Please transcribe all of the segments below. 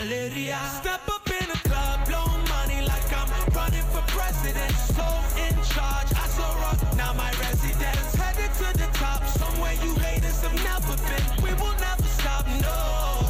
Valeria. Step up in the club, blow money like I'm running for president. So in charge, I saw rock, now my residence. Headed to the top, somewhere you haters have never been. We will never stop, no.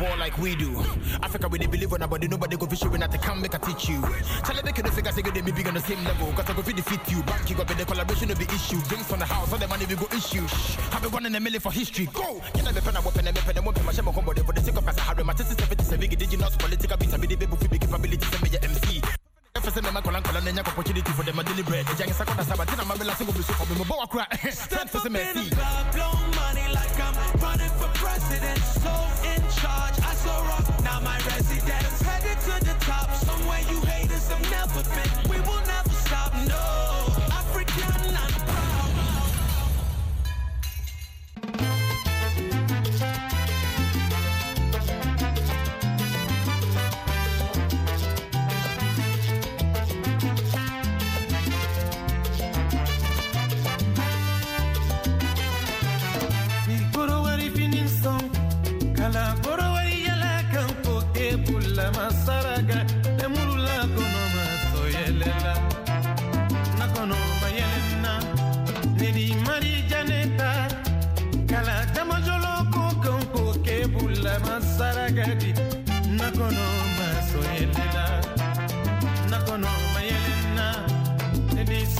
war like we do. Africa, we they believe on nobody, nobody go fish when I can make a teach you. Charlie, they can't figure say they be big on the same level. Cause I go feed defeat you. Bank you got the collaboration of the issue. Drinks on the house, all the money we go issue. Shh, have been one in a million for history. Go! Can I be pen a weapon and pen and won't my shame they for the sake of my Sahara? My sister's 77 did you not political beats? I be the baby we be capabilities I be your MC. If I me kolan kolan nenya opportunity for them a deliberate. Ejangi sakota sabati for me Blow money like I'm running for president. So in charge, I so rock. Now my residence headed to the top. Somewhere you haters have never been. We will never stop. No.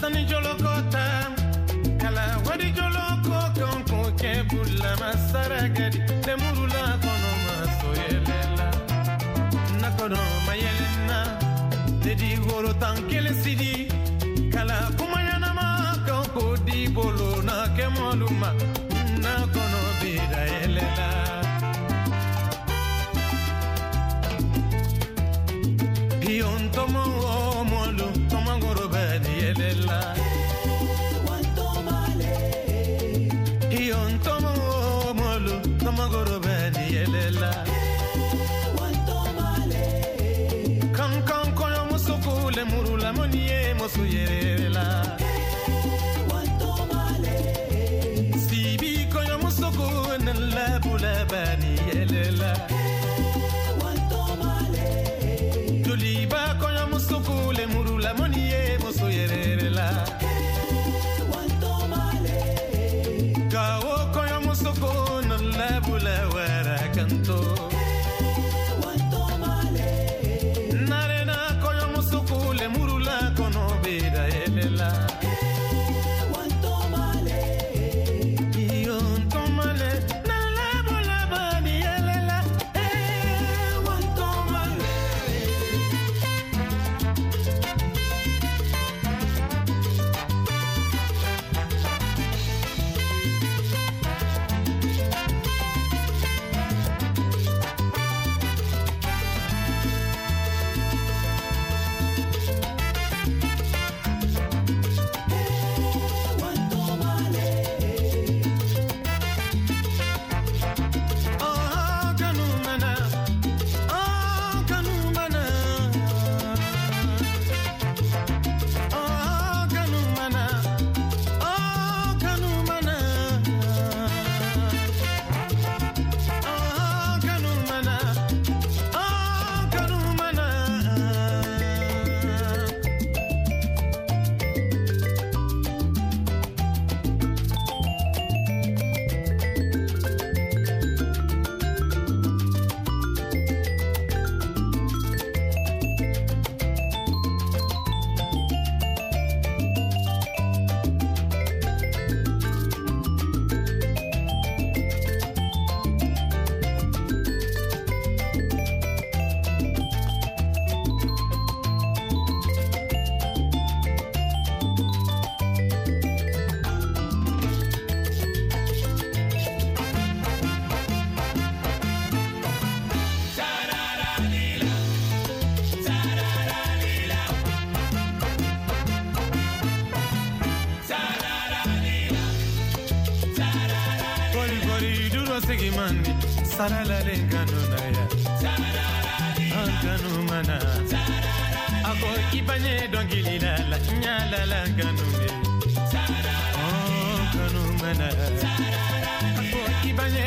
sani joloko ta kala wadi joloko kan kun kɛ bulama saragadi lemurula kono ma soyɛlɛla nakɔnɔ ma yɛlɛna dedi woro tan kelen sidi yeah. salala lengano na ya angano mana ako ibanye dongili la la nyala la ngano me oh ngano mana ako ibanye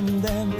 And then.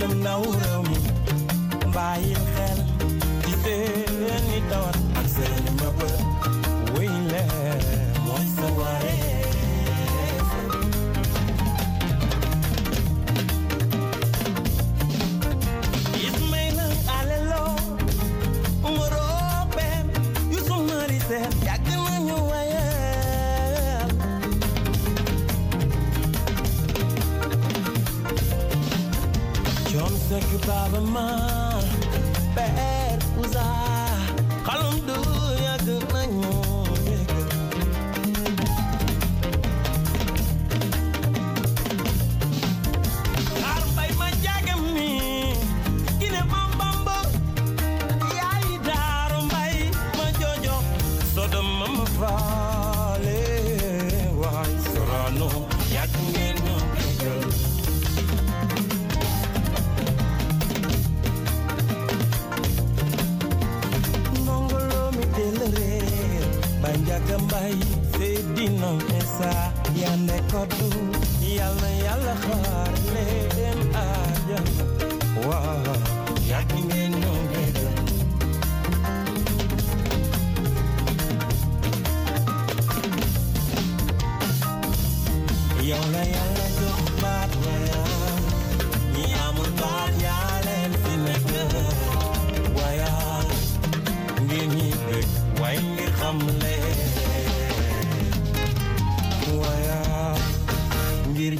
You know Bye. Sëkk baaba ma Per usa xalum du yàgg nañu sa ya ne ko du yalla yalla xaar leen ajan wa ya ki ngeen no ngeen ya la yalla jox baat ya ñi amul baat yaa leen fi nekk waya ngeen ñi dëkk way ngir xam leen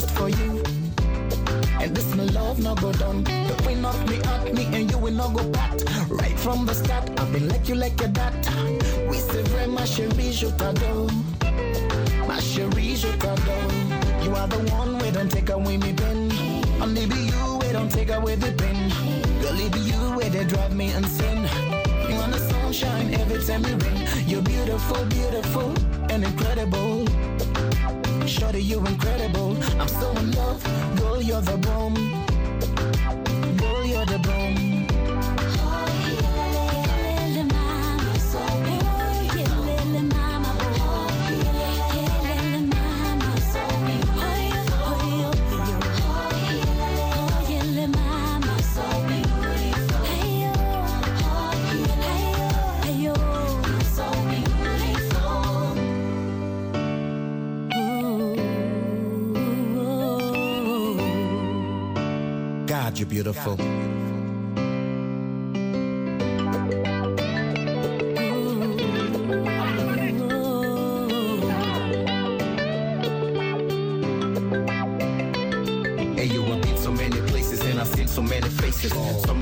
just for you. And this my love no go done. The win of me at me and you will not go back. Right from the start, I've been like you like a dat. We say very ma chérie, je t'adore. My chérie, je t'adore. You are the one we don't take away me pen. Only be you we don't take away the pen. Girl, it be you where they drive me insane. You want the sunshine every time you rain. You're beautiful, beautiful and incredible. Shorty, you are incredible. I'm so in love. Girl, you're the bomb. Girl, you're the bomb. you're beautiful.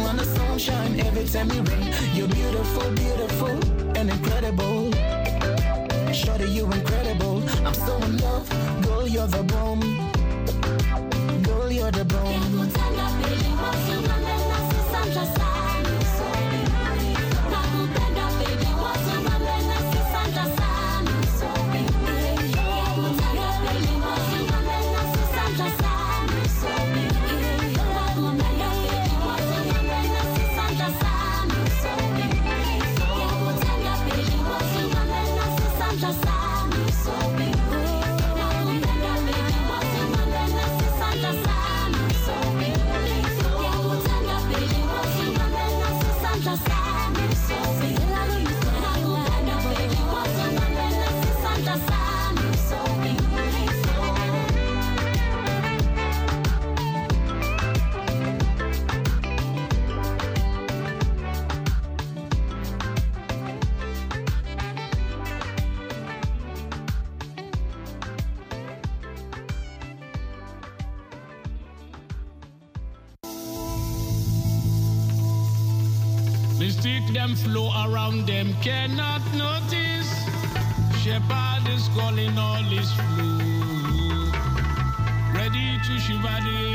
rain on the sunshine every time you rain. You're beautiful, beautiful, and incredible. Shorty, you're incredible. I'm so in love. Girl, you're the bomb. Girl, you're the bomb.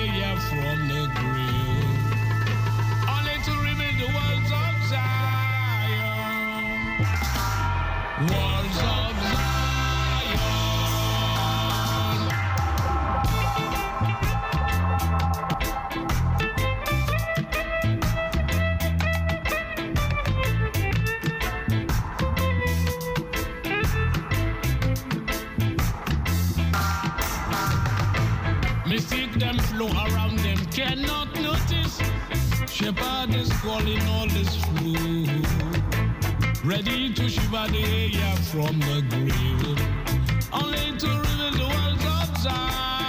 hallelujah from the grave. Only to the of Zion. around them cannot notice. Shepherd is calling all his flock. Ready to shiver the air from the grave. Only to reveal the world's outside.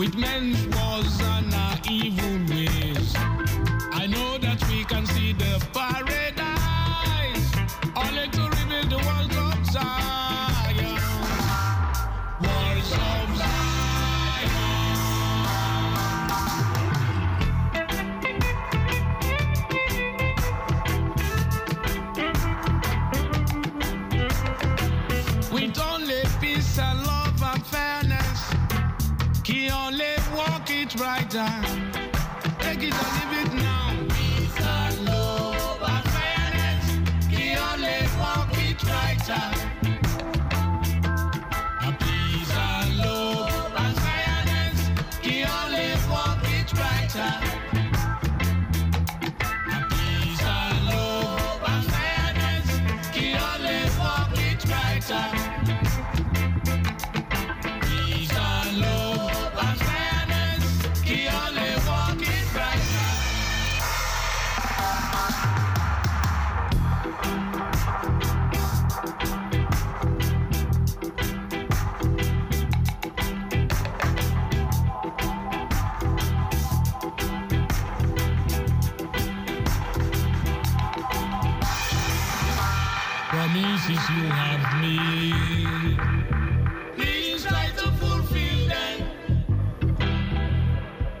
with men's was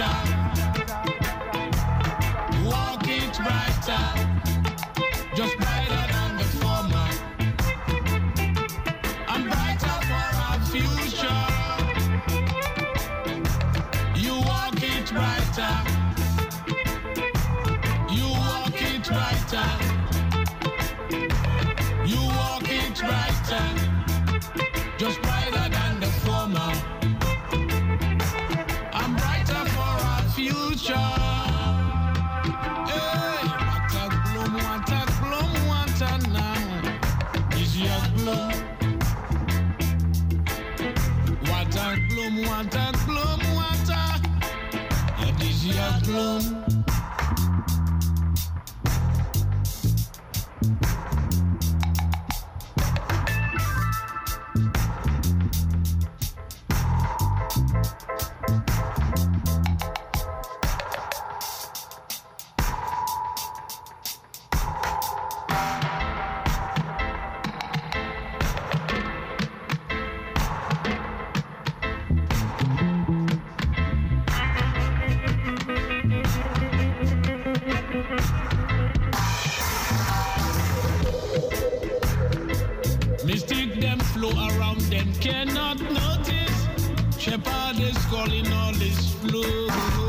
time.